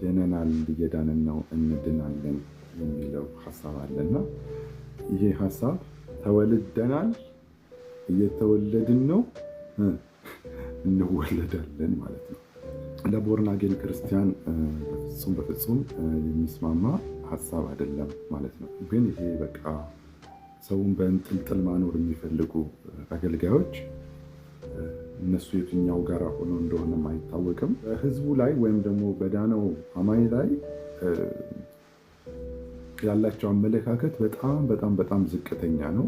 ድነናል፣ እየዳንን ነው፣ እንድናለን የሚለው ሀሳብ አለና ይሄ ሀሳብ ተወልደናል፣ እየተወለድን ነው፣ እንወለዳለን ማለት ነው። ለቦርናጌን ክርስቲያን በፍጹም በፍጹም የሚስማማ ሀሳብ አይደለም ማለት ነው። ግን ይሄ በቃ ሰውን በእንጥልጥል ማኖር የሚፈልጉ አገልጋዮች እነሱ የትኛው ጋራ ሆነው እንደሆነም አይታወቅም። በህዝቡ ላይ ወይም ደግሞ በዳነው አማኝ ላይ ያላቸው አመለካከት በጣም በጣም በጣም ዝቅተኛ ነው።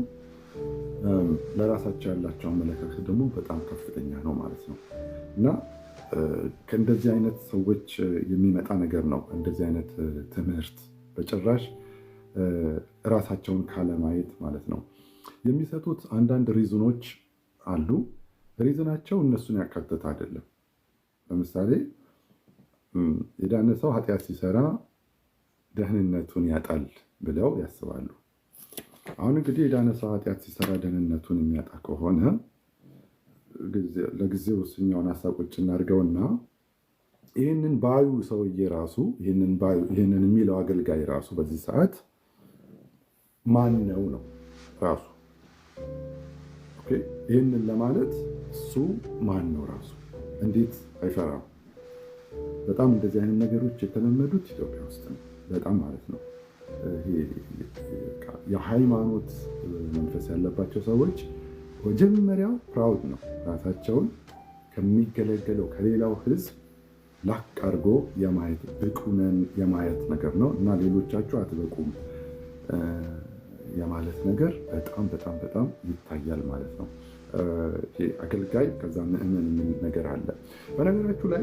ለራሳቸው ያላቸው አመለካከት ደግሞ በጣም ከፍተኛ ነው ማለት ነው እና ከእንደዚህ አይነት ሰዎች የሚመጣ ነገር ነው። እንደዚህ አይነት ትምህርት በጭራሽ ራሳቸውን ካለማየት ማለት ነው የሚሰጡት አንዳንድ ሪዝኖች አሉ። ሪዝናቸው እነሱን ያካተተ አይደለም። ለምሳሌ የዳነ ሰው ኃጢአት ሲሰራ ደህንነቱን ያጣል ብለው ያስባሉ። አሁን እንግዲህ የዳነ ሰው ኃጢአት ሲሰራ ደህንነቱን የሚያጣ ከሆነ ለጊዜው እሱኛውን ሀሳብ ቁጭ እናድርገውና ይህንን ባዩ ሰውዬ ራሱ ይህንን የሚለው አገልጋይ ራሱ በዚህ ሰዓት ማን ነው ነው ራሱ ይህንን ለማለት እሱ ማን ነው? ራሱ እንዴት አይፈራም? በጣም እንደዚህ አይነት ነገሮች የተለመዱት ኢትዮጵያ ውስጥ ነው። በጣም ማለት ነው። የሃይማኖት መንፈስ ያለባቸው ሰዎች መጀመሪያው ፕራውድ ነው። ራሳቸውን ከሚገለገለው ከሌላው ህዝብ ላቅ አድርጎ የማየት ብቁ ነን የማየት ነገር ነው እና ሌሎቻችሁ አትበቁም የማለት ነገር በጣም በጣም በጣም ይታያል ማለት ነው። አገልጋይ ከዛ ምእመን የሚል ነገር አለ። በነገራችሁ ላይ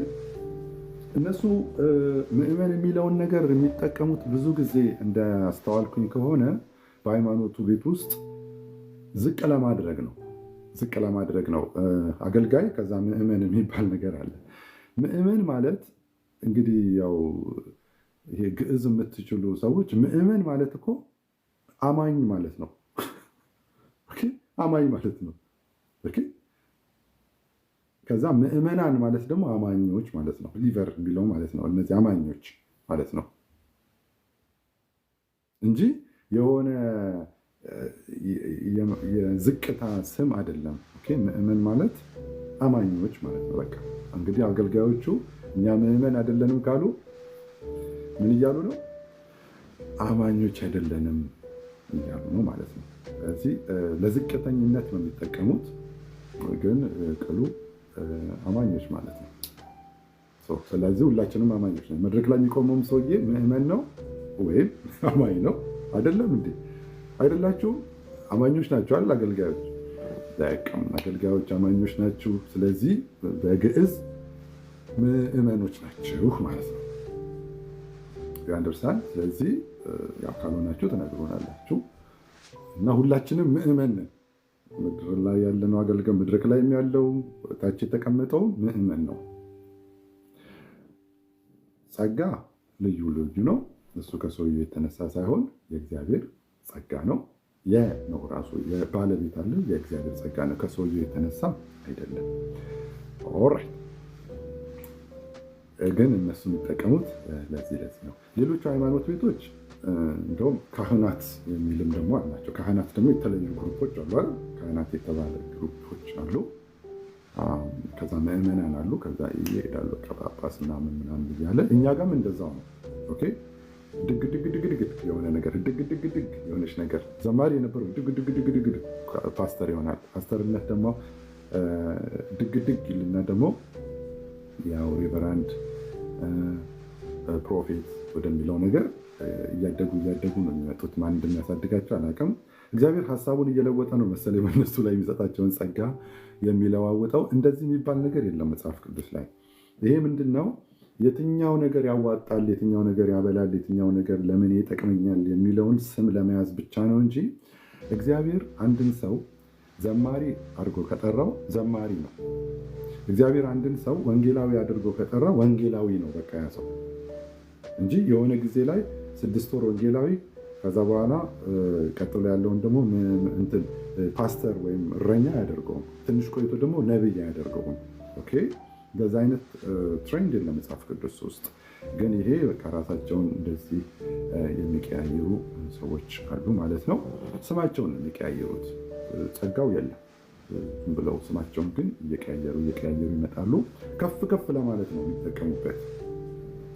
እነሱ ምእመን የሚለውን ነገር የሚጠቀሙት ብዙ ጊዜ እንዳስተዋልኩኝ ከሆነ በሃይማኖቱ ቤት ውስጥ ዝቅ ለማድረግ ነው። ዝቅ ለማድረግ ነው። አገልጋይ ከዛ ምእመን የሚባል ነገር አለ። ምእመን ማለት እንግዲህ ያው ይሄ ግዕዝ የምትችሉ ሰዎች ምዕመን ማለት እኮ አማኝ ማለት ነው። አማኝ ማለት ነው። ከዛ ምዕመናን ማለት ደግሞ አማኞች ማለት ነው። ሊቨር ቢለው ማለት ነው። እነዚህ አማኞች ማለት ነው እንጂ የሆነ የዝቅታ ስም አይደለም። ምዕመን ማለት አማኞች ማለት ነው። በቃ እንግዲህ አገልጋዮቹ እኛ ምዕመን አይደለንም ካሉ ምን እያሉ ነው? አማኞች አይደለንም እያሉ ነው ማለት ነው። ስለዚህ ለዝቅተኝነት ነው የሚጠቀሙት፣ ግን ቅሉ አማኞች ማለት ነው። ስለዚህ ሁላችንም አማኞች ነው። መድረክ ላይ የሚቆመውም ሰውዬ ምዕመን ነው ወይም አማኝ ነው። አይደለም እንዴ? አይደላችሁም? አማኞች ናቸው አይደል? አገልጋዮች ዳያቅም አገልጋዮች አማኞች ናችሁ። ስለዚህ በግዕዝ ምዕመኖች ናችሁ ማለት ነው። አንደርስታንድ ስለዚህ ያው ካልሆናችሁ ትነግሮናላችሁ እና ሁላችንም ምእመን ምድር ላይ ያለነው አገልጋይ፣ መድረክ ላይ ያለው ታች የተቀመጠው ምእመን ነው። ጸጋ ልዩ ልዩ ነው። እሱ ከሰውየው የተነሳ ሳይሆን የእግዚአብሔር ጸጋ ነው። የ ነው ራሱ ባለቤት አለ። የእግዚአብሔር ጸጋ ነው፣ ከሰውየው የተነሳ አይደለም። ኦራይት ግን እነሱ የሚጠቀሙት ለዚህ ለዚህ ነው። ሌሎቹ ሃይማኖት ቤቶች እንደውም ካህናት የሚልም ደግሞ አላቸው። ካህናት ደግሞ የተለያዩ ግሩፖች አሉ አይደል? ካህናት የተባለ ግሩፖች አሉ። ከዛ ምዕመናን አሉ። ከዛ ይሄዳሉ ጳጳስ ምናምን ምናምን እያለ እኛ ጋም እንደዛው ነው። ኦኬ ድግድግድግድግድ የሆነ ነገር ድግድግድግ የሆነች ነገር ዘማሪ የነበረው ድግድግድግድግድ ፓስተር ይሆናል። ፓስተርነት ደግሞ ድግድግ ይልና ደግሞ ያው ሪቨራንድ ፕሮፌት ወደሚለው ነገር እያደጉ እያደጉ ነው የሚመጡት። ማን እንደሚያሳድጋቸው አላውቅም። እግዚአብሔር ሀሳቡን እየለወጠ ነው መሰለኝ በእነሱ ላይ የሚሰጣቸውን ጸጋ የሚለዋውጠው። እንደዚህ የሚባል ነገር የለም መጽሐፍ ቅዱስ ላይ። ይሄ ምንድን ነው? የትኛው ነገር ያዋጣል፣ የትኛው ነገር ያበላል፣ የትኛው ነገር ለምን ይጠቅመኛል የሚለውን ስም ለመያዝ ብቻ ነው እንጂ እግዚአብሔር አንድን ሰው ዘማሪ አድርጎ ከጠራው ዘማሪ ነው። እግዚአብሔር አንድን ሰው ወንጌላዊ አድርጎ ከጠራ ወንጌላዊ ነው። በቃ ያ ሰው እንጂ የሆነ ጊዜ ላይ ስድስት ወር ወንጌላዊ ከዛ በኋላ ቀጥሎ ያለውን ደግሞ እንትን ፓስተር ወይም እረኛ አያደርገውም። ትንሽ ቆይቶ ደግሞ ነብይ አያደርገውም። ኦኬ እንደዛ አይነት ትሬንድ የለም መጽሐፍ ቅዱስ ውስጥ። ግን ይሄ በቃ ራሳቸውን እንደዚህ የሚቀያየሩ ሰዎች አሉ ማለት ነው። ስማቸውን የሚቀያየሩት ጸጋው የለም ብለው ስማቸውን ግን እየቀያየሩ እየቀያየሩ ይመጣሉ። ከፍ ከፍ ለማለት ነው የሚጠቀሙበት።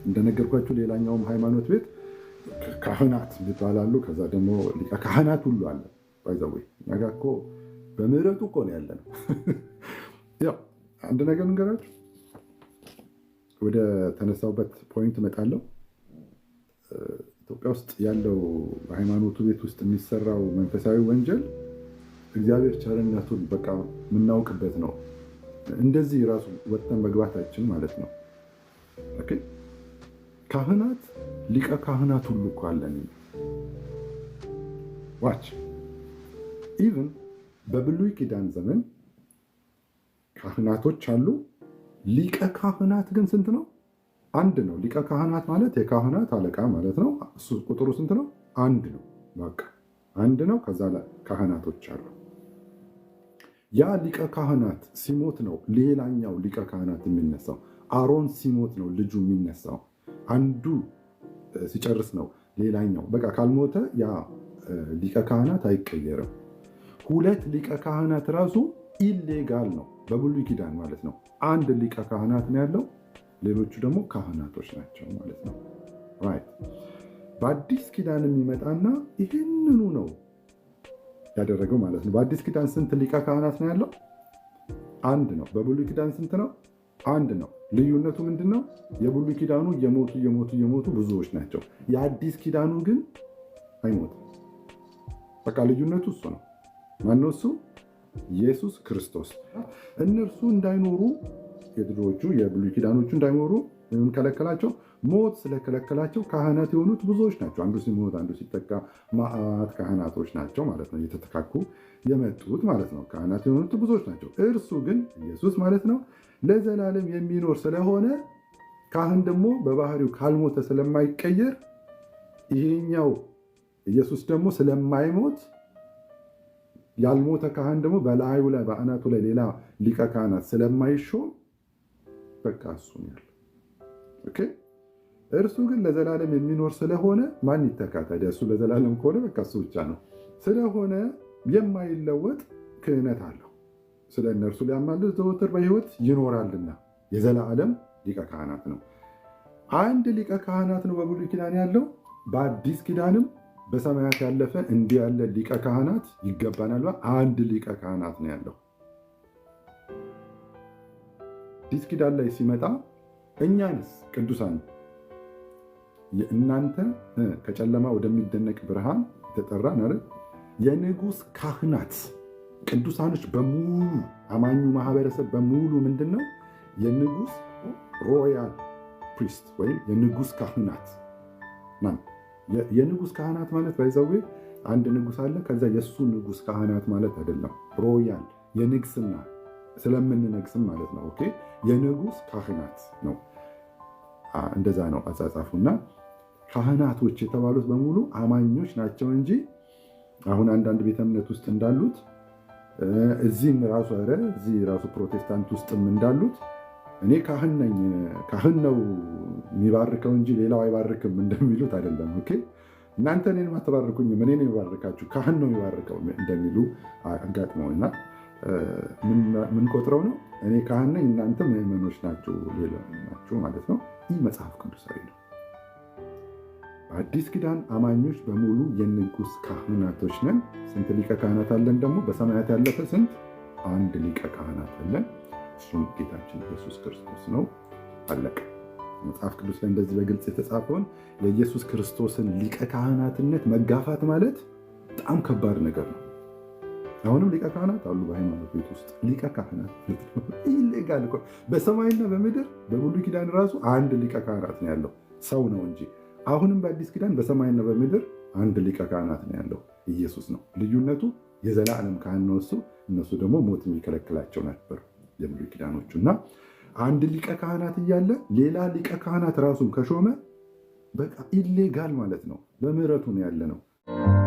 እንደነገርኳችሁ ሌላኛውም ሃይማኖት ቤት ካህናት ይባላሉ። ከዛ ደግሞ ሊቀ ካህናት ሁሉ አለ። ይዘዌ እኛ ጋ እኮ በምህረቱ እኮ ነው ያለ ነው። ያው አንድ ነገር እንገራችሁ፣ ወደ ተነሳውበት ፖይንት እመጣለሁ። ኢትዮጵያ ውስጥ ያለው በሃይማኖቱ ቤት ውስጥ የሚሰራው መንፈሳዊ ወንጀል እግዚአብሔር ቸርነቱን በቃ የምናውቅበት ነው። እንደዚህ ራሱ ወጥተን መግባታችን ማለት ነው። ካህናት ሊቀ ካህናት ሁሉ እኮ አለን። ዋች ኢቭን በብሉይ ኪዳን ዘመን ካህናቶች አሉ። ሊቀ ካህናት ግን ስንት ነው? አንድ ነው። ሊቀ ካህናት ማለት የካህናት አለቃ ማለት ነው። እሱ ቁጥሩ ስንት ነው? አንድ ነው። በቃ አንድ ነው። ከዛ ካህናቶች አሉ። ያ ሊቀ ካህናት ሲሞት ነው ሌላኛው ሊቀ ካህናት የሚነሳው። አሮን ሲሞት ነው ልጁ የሚነሳው። አንዱ ሲጨርስ ነው ሌላኛው። በቃ ካልሞተ ያ ሊቀ ካህናት አይቀየርም። ሁለት ሊቀ ካህናት ራሱ ኢሌጋል ነው በብሉይ ኪዳን ማለት ነው። አንድ ሊቀ ካህናት ነው ያለው፣ ሌሎቹ ደግሞ ካህናቶች ናቸው ማለት ነው። ራይት በአዲስ ኪዳን የሚመጣና ይህንኑ ነው ያደረገው ማለት ነው። በአዲስ ኪዳን ስንት ሊቀ ካህናት ነው ያለው? አንድ ነው። በብሉይ ኪዳን ስንት ነው? አንድ ነው። ልዩነቱ ምንድን ነው? የብሉይ ኪዳኑ እየሞቱ እየሞቱ እየሞቱ ብዙዎች ናቸው። የአዲስ ኪዳኑ ግን አይሞትም። በቃ ልዩነቱ እሱ ነው። ማነው እሱ? ኢየሱስ ክርስቶስ። እነርሱ እንዳይኖሩ የድሮዎቹ የብሉይ ኪዳኖቹ እንዳይኖሩ ከለከላቸው? ሞት ስለከለከላቸው ካህናት የሆኑት ብዙዎች ናቸው። አንዱ ሲሞት አንዱ ሲጠቃ ማዕት ካህናቶች ናቸው ማለት ነው እየተተካኩ የመጡት ማለት ነው። ካህናት የሆኑት ብዙዎች ናቸው። እርሱ ግን ኢየሱስ ማለት ነው ለዘላለም የሚኖር ስለሆነ ካህን ደግሞ በባህሪው ካልሞተ ስለማይቀየር ይሄኛው ኢየሱስ ደግሞ ስለማይሞት ያልሞተ ካህን ደግሞ በላዩ ላይ በአናቱ ላይ ሌላ ሊቀ ካህናት ስለማይሾም በቃ እሱ ያለ እርሱ ግን ለዘላለም የሚኖር ስለሆነ ማን ይተካ እሱ ለዘላለም ከሆነ በቃ እሱ ብቻ ነው ስለሆነ የማይለወጥ ክህነት አለው። ስለ እነርሱ ሊያማልድ ዘወትር በህይወት ይኖራልና የዘላለም ሊቀ ካህናት ነው። አንድ ሊቀ ካህናት ነው በብሉይ ኪዳን ያለው። በአዲስ ኪዳንም በሰማያት ያለፈ እንዲህ ያለ ሊቀ ካህናት ይገባናል። አንድ ሊቀ ካህናት ነው ያለው። አዲስ ኪዳን ላይ ሲመጣ እኛንስ ቅዱሳን የእናንተ ከጨለማ ወደሚደነቅ ብርሃን የተጠራን አይደል? የንጉሥ ካህናት ቅዱሳኖች በሙሉ አማኙ ማህበረሰብ በሙሉ ምንድን ነው የንጉሥ ሮያል ፕሪስት ወይም የንጉሥ ካህናት የንጉሥ ካህናት ማለት ባይዘዌ አንድ ንጉሥ አለ። ከዛ የእሱ ንጉሥ ካህናት ማለት አይደለም። ሮያል የንግስና ስለምንነግስም ማለት ነው። ኦኬ የንጉሥ ካህናት ነው። እንደዛ ነው አጻጻፉና ካህናቶች የተባሉት በሙሉ አማኞች ናቸው እንጂ አሁን አንዳንድ ቤተ እምነት ውስጥ እንዳሉት እዚህም ራሱ ኧረ እዚህ ራሱ ፕሮቴስታንት ውስጥም እንዳሉት እኔ ካህን ነኝ ካህን ነው የሚባርከው እንጂ ሌላው አይባርክም እንደሚሉት አይደለም። ኦኬ እናንተ እኔን አትባርኩኝም እኔ የሚባርካችሁ ካህን ነው የሚባርከው እንደሚሉ አጋጥመውና ምን ቆጥረው ነው እኔ ካህን ነኝ እናንተ ምዕመኖች ናችሁ ሌላ ናችሁ ማለት ነው። ይህ መጽሐፍ አዲስ ኪዳን አማኞች በሙሉ የንጉስ ካህናቶች ነን። ስንት ሊቀ ካህናት አለን? ደግሞ በሰማያት ያለፈ ስንት? አንድ ሊቀ ካህናት አለን። እሱም ጌታችን ኢየሱስ ክርስቶስ ነው። አለቀ። መጽሐፍ ቅዱስ ላይ እንደዚህ በግልጽ የተጻፈውን የኢየሱስ ክርስቶስን ሊቀ ካህናትነት መጋፋት ማለት በጣም ከባድ ነገር ነው። አሁንም ሊቀ ካህናት አሉ በሃይማኖት ቤት ውስጥ ሊቀ ካህናት ኢሌጋል። በሰማይና በምድር በሙሉ ኪዳን ራሱ አንድ ሊቀ ካህናት ነው ያለው ሰው ነው እንጂ አሁንም በአዲስ ኪዳን በሰማይና በምድር አንድ ሊቀ ካህናት ነው ያለው ኢየሱስ ነው። ልዩነቱ የዘላለም ካህን ነው እሱ። እነሱ ደግሞ ሞት የሚከለክላቸው ነበር የብሉይ ኪዳኖቹ እና አንድ ሊቀ ካህናት እያለ ሌላ ሊቀ ካህናት ራሱን ከሾመ በቃ ኢሌጋል ማለት ነው። በምህረቱ ነው ያለ ነው።